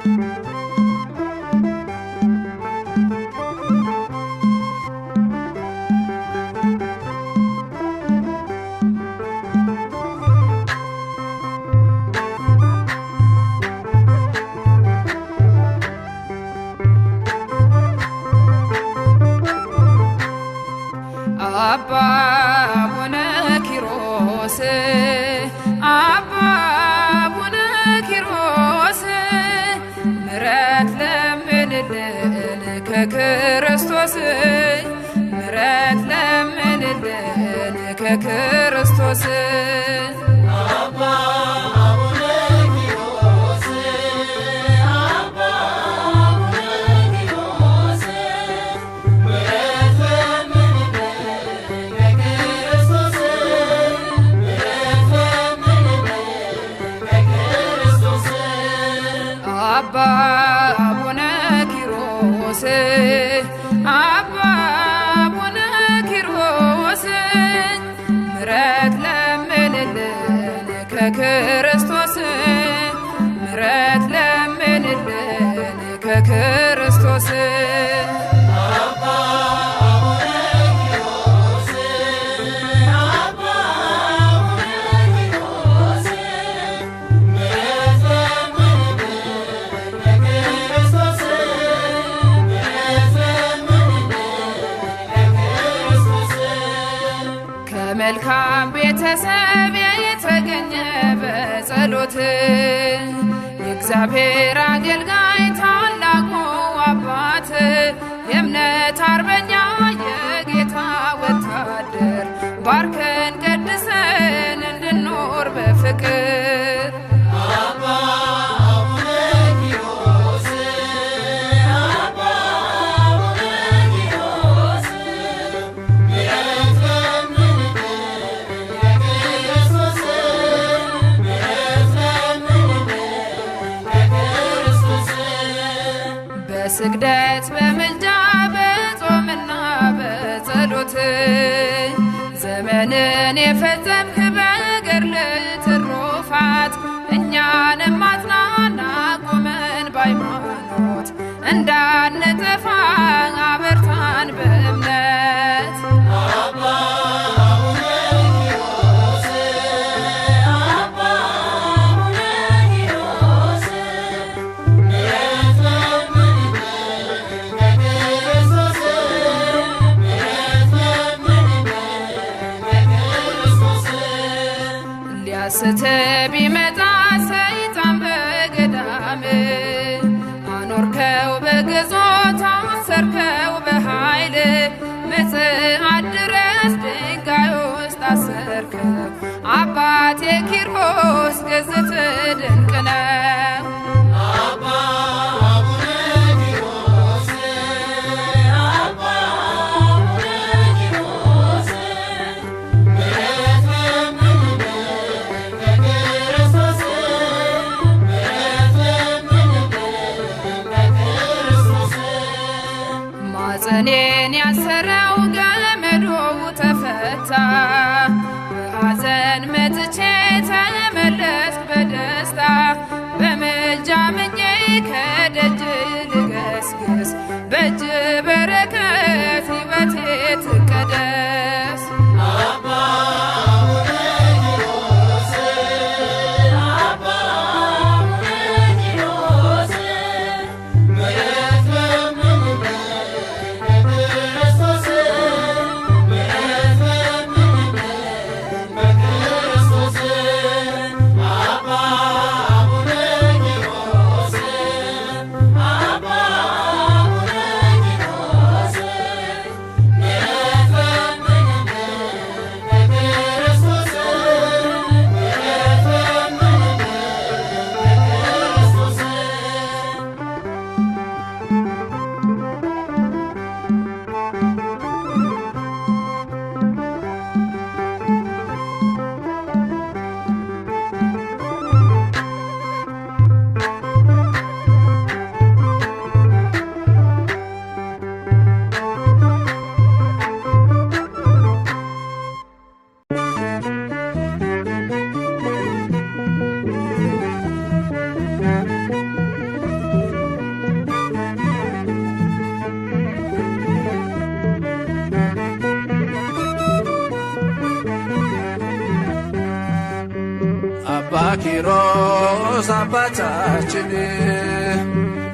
Thank you. በመልካም ቤተሰብ የተገኘ በጸሎት የእግዚአብሔር አገልጋይ ታላቁ አባት የእምነት አርበኛ የጌታ ወታደር ባርከን ቀድሰን እንድኖር በፍቅር የፈጸምክ በገርልህ ትሩፋት እኛንም አጽናና ቁመን በሃይማኖት እንዳንጠፋ አበርታን በእምነት ክርስቶስ ገጽት ድንቅ ነው።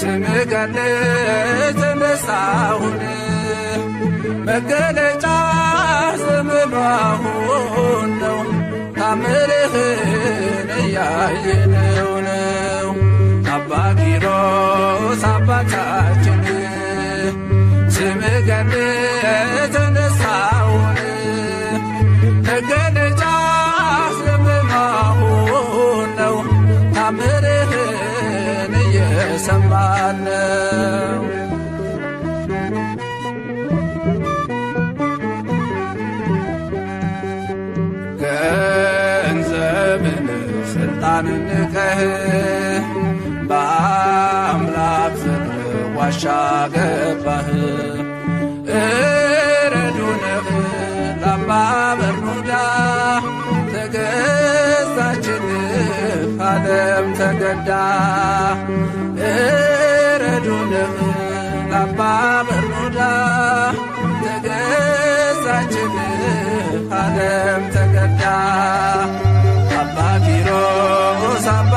ስምህ ካለ ተነሳሁን መገለ ያለው ገንዘብን ስልጣንን ከህ በአምላክ ፍቅር ዋሻ ገባህ። እረዱንህ ላባ በርኑዳ ትዕግሥታችን ዓለም ተገዳ አዱንም ለአባ አባ ኪሮስ አባ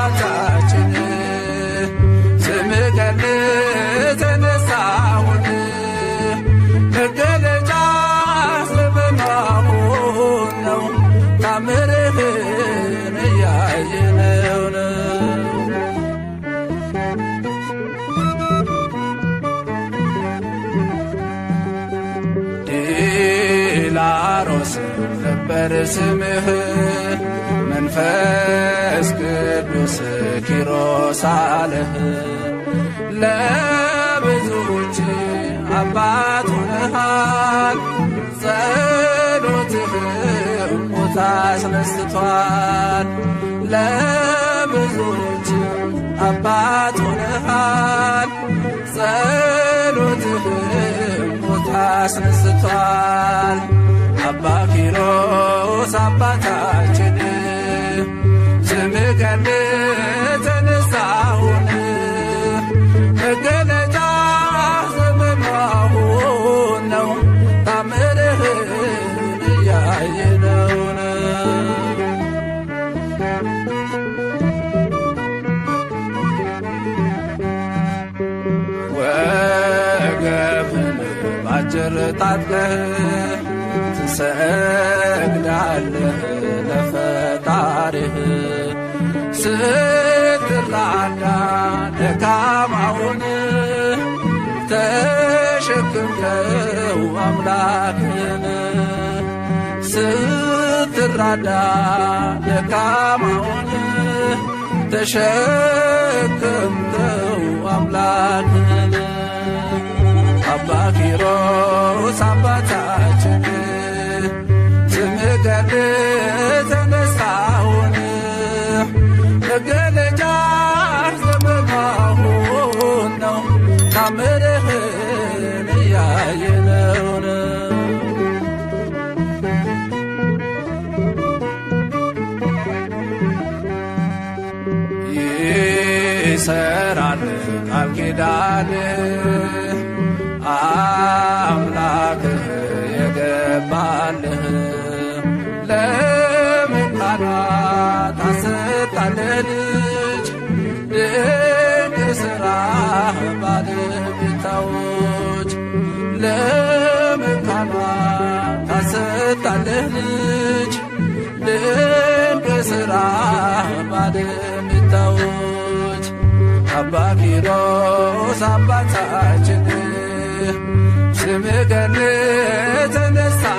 ይክበር ስምህ መንፈስ ቅዱስ ኪሮስ አለህ ለብዙዎች አባት ሆነሃል። ጸሎትህ ሙት አስነስቷል። ለብዙዎች አባት ሆነሃል። ጸሎትህ ሙት አስነስቷል። አባ ኪሮስ አባታችን ስምከን ተነሳሁን መገለጫ ዘመናሁን ነው ታምርህን እያየነውን ወገብን ባጭር ጣጥቀህ ትሰግዳለህ ለፈጣርህ ስትራዳ ደካማውን ተሸክምከው አምላክን ስትራዳ ደካማውን ተሸክምከው አምላክን አባ ኪሮስ አባታችን ከድል ተነሳሁን መገለጫ ዘመን ነው ታምርህን እያየነውን ይሰራል ቃል ኪዳን አምላክ የገባልህ ሥራ ባለምታዩት አባ ኪሮስ አባታችን ተነሳ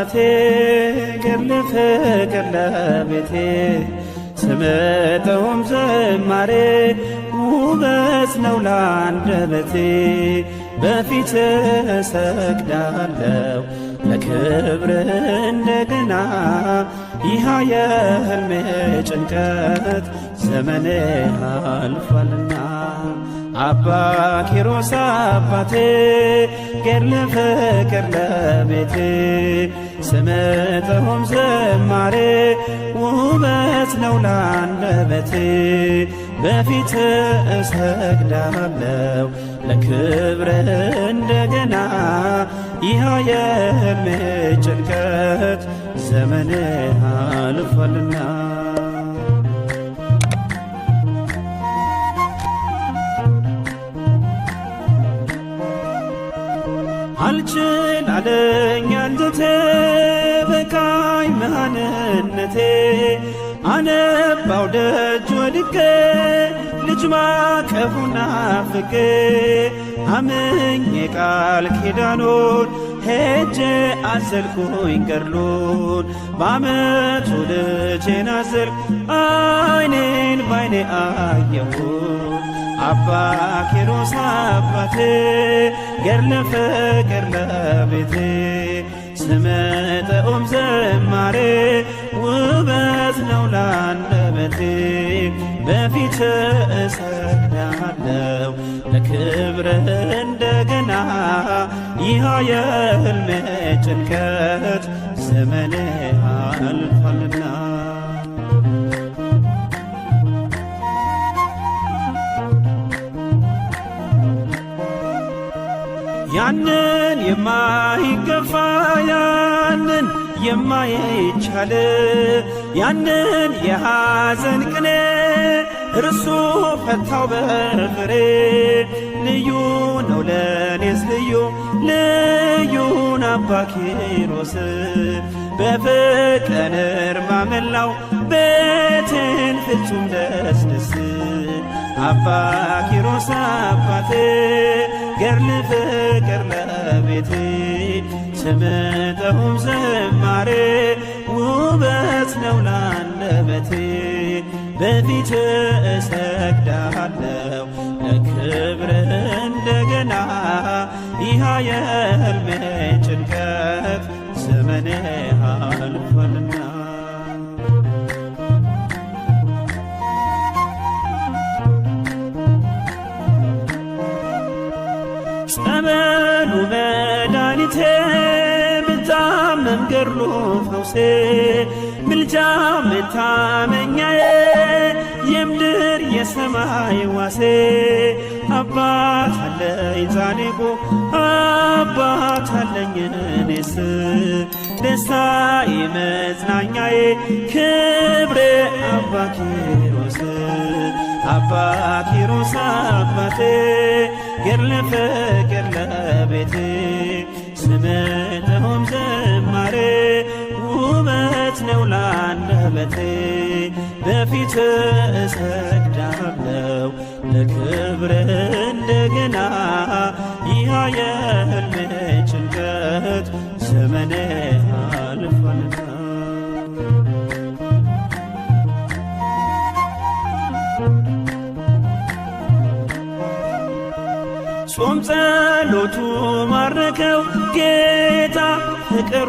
አባቴ ገድል ፍቅር ለቤቴ ስመጠውም ዘማሬ ውበት ነው ለአንደበቴ በፊት እሰግዳለሁ ለክብር እንደገና ይህ የህልሜ ጭንቀት ዘመኔ አልፏልና አባ ኪሮስ አባቴ ገድል ፍቅር ለቤቴ ስምጥሆም ዘማሬ ውበት ነው ላንደበቴ በፊት እሰግዳለው ለክብረ እንደገና ይህ የሕልሜ ጭንቀት ዘመን አልፏልና አልችል አንተ ተበቃኝ መሃንነቴ አነባው ደጅ ወድቄ ልጅ ማቀፉና ፍቄ አምኜ ቃል ኪዳኑን ሄጄ አዘልኩኝ ገድሉን በአመቱ ልጄን አዘልኩ አይኔን ባይኔ አየሁን አባ ኪሮስ አባቴ ገድለ ፍቅር ለቤቴ ስመጠኦም ዘማሬ ውበት ነው ላንደበቴ በፊት እሰግዳለው ለክብር እንደገና ይህ የህልሜ ጭንቀት ዘመኔ አልፏልና ያንን የማይገፋ ያንን የማይቻል ያንን የሐዘን ቅኔ እርሱ ፈታው በፍሬ ልዩ ነው ለኔስ ልዩ ልዩን አባ ኪሮስ በፍቅር እርማ መላው ቤትን ፍጹም ደስደስ አባ ኪሮስ አባቴ ገር ለፍቅር ለቤቴ ስምጠውም ዝማሬ ውበት ነው ላለበቴ በፊት እሰግዳለው ለክብር እንደገና ይህ የህልሜ ጭንቀት ዘመኔ አልፏልና ገድሉ ፈውሴ ምልጃ መታመኛዬ የምድር የሰማይ ዋሴ አባት አለኝ ዛኔቦ አባት አለኝ እኔስ ደስታዬ መጽናኛዬ ክብሬ አባ ኪሮስ አባ ኪሮስ አባቴ ገድለ ፍቅር ለቤቴ አንደበቴ በፊት እሰግዳለው ለክብር እንደገና ይህ ያለ ጭንቀት ዘመኔ አልፏልና ጾም ጸሎቱ ማረከው ጌታ ፍቅሮ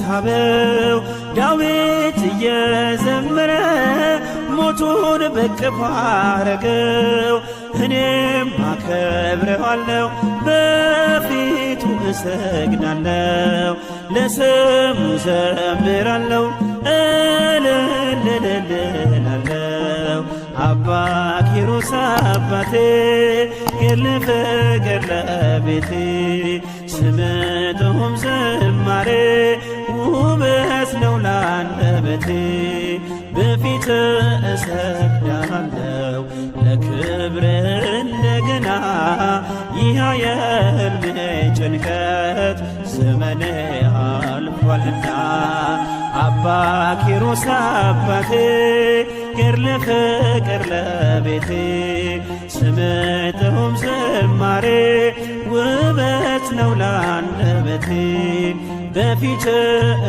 ሳበው ዳዊት እየዘመረ ሞቱን በቅፎ አረገው እኔም አከብረዋለሁ፣ በፊቱ እሰግዳለሁ፣ ለስሙ ዘምራለሁ፣ እልልልልላለሁ። አባ ኪሮስ አባቴ ገድል ገለቤቴ ለቤቴ ዘማሬ መድኃኒቴ በፊት እሰግዳለው ለክብር እንደገና ይህ የህልሜ ጭንቀት ዘመኔ አልፏልና አባ ኪሮስ አባቴ ፍቅር ለፍቅር ለቤቴ ስምጥሁም ዝማሬ ውበት ነው ላንደበቴ በፊት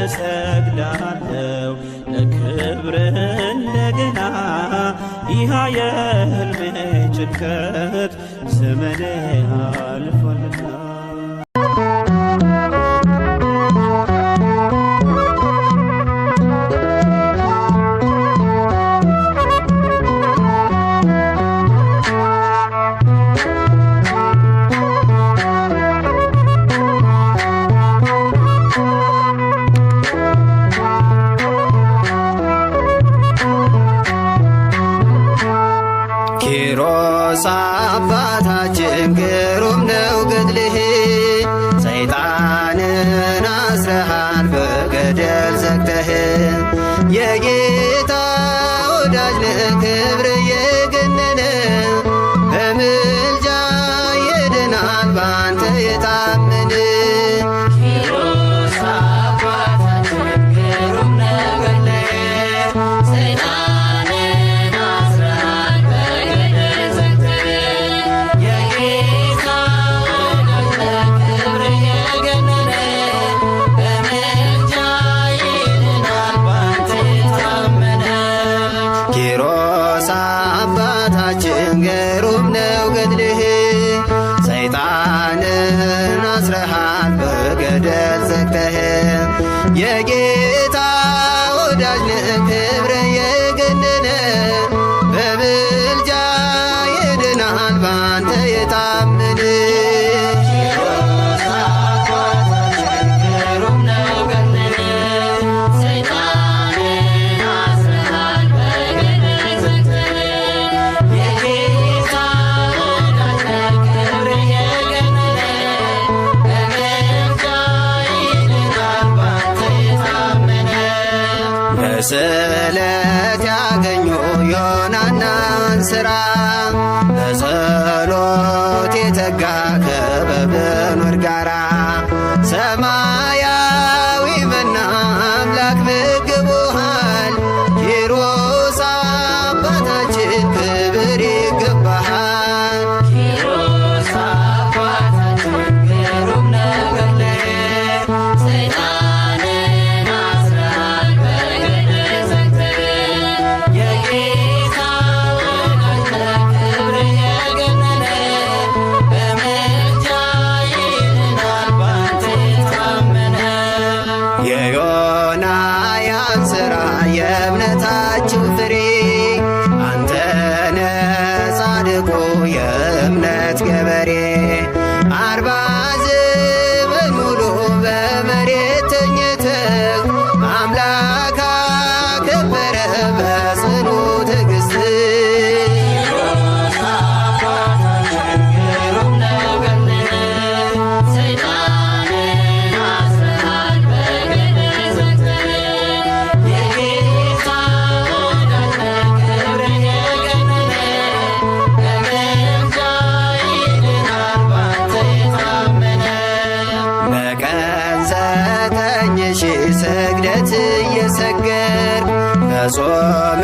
እሰግዳለው ለክብር እንደገና ይህ የህልሜ ጭንቀት ዘመኔ አልፏልና ተጾመ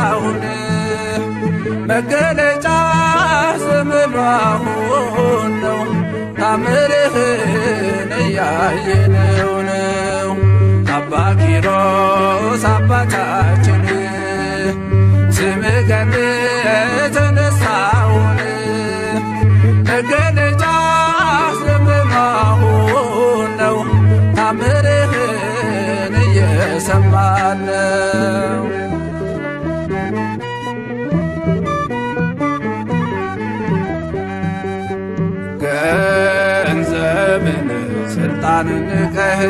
አሁን መገለጫ ዘመኗ ነው ታምርህን እያየነው ነው አባ ኪሮስ አባታችን ኪዳን ንቀህ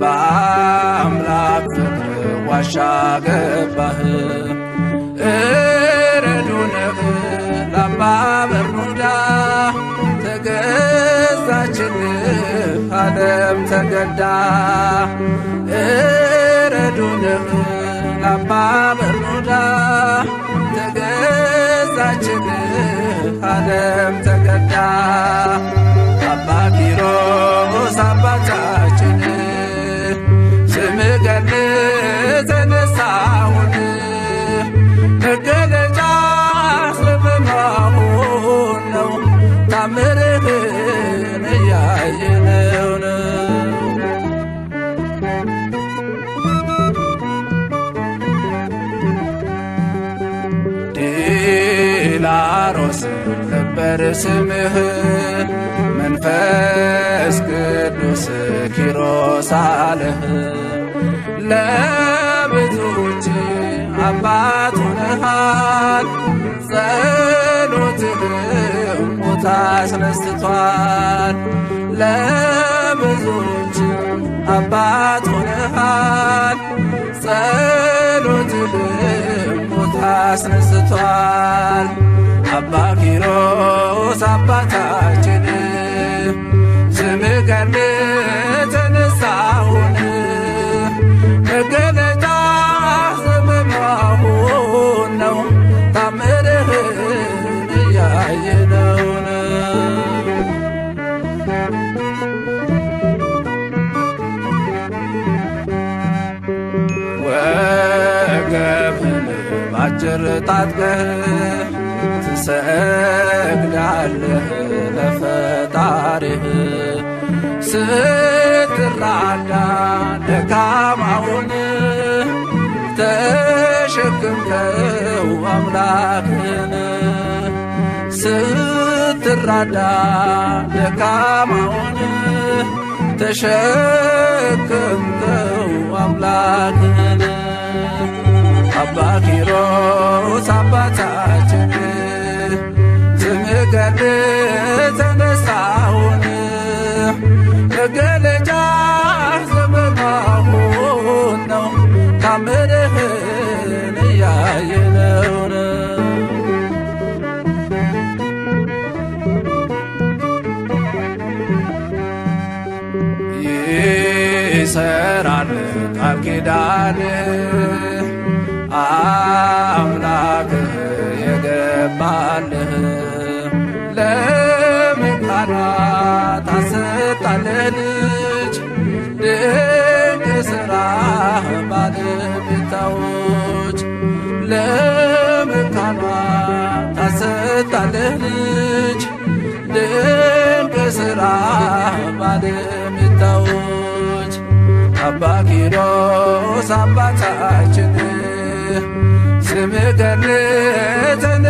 በአምላክ ፍቅር ዋሻ ገባህ። እረዱን ላባ በርኑዳ ተገዛችልህ ዓለም ተገዳ። እረዱን ላባ በርኑዳ ተገዛችልህ ዓለም ተገዳ ይክበር ስምህ መንፈስ ቅዱስ ኪሮስ አለህ ለብዙዎች አባት ሆነሃል። ጸሎትህ ሙት አስነስቷል። ለብዙዎች አባት ሆነሃል። ጸሎትህ ሙት አስነስቷል። አባ ኪሮስ አባታችን ስም ገርም ተነሳሁን መገለጫ ስምማሁን ነው ታምርህን እያየነውን ወገብን ባጭር ታጥቀህ ትሰግዳለህ ለፈጣሪህ ስትራዳ ደካማውን ተሸክምከው አምላክን ስትራዳ ደካማውን ተሸክምከው አምላክን አባ ኪሮስ አባታችን ከሞት የተነሳውን መገለጫ ዘመን ነው ታምርህን እያየነውን ይሰራል ቃል ኪዳን ለልጅ ድንቅ ሥራ ባለቤታዎች ለመካኗ ታሰጣለህ ልጅ ድንቅ ሥራ ባለቤታዎች አባ ኪሮስ አባታችን ስምህ ገነትን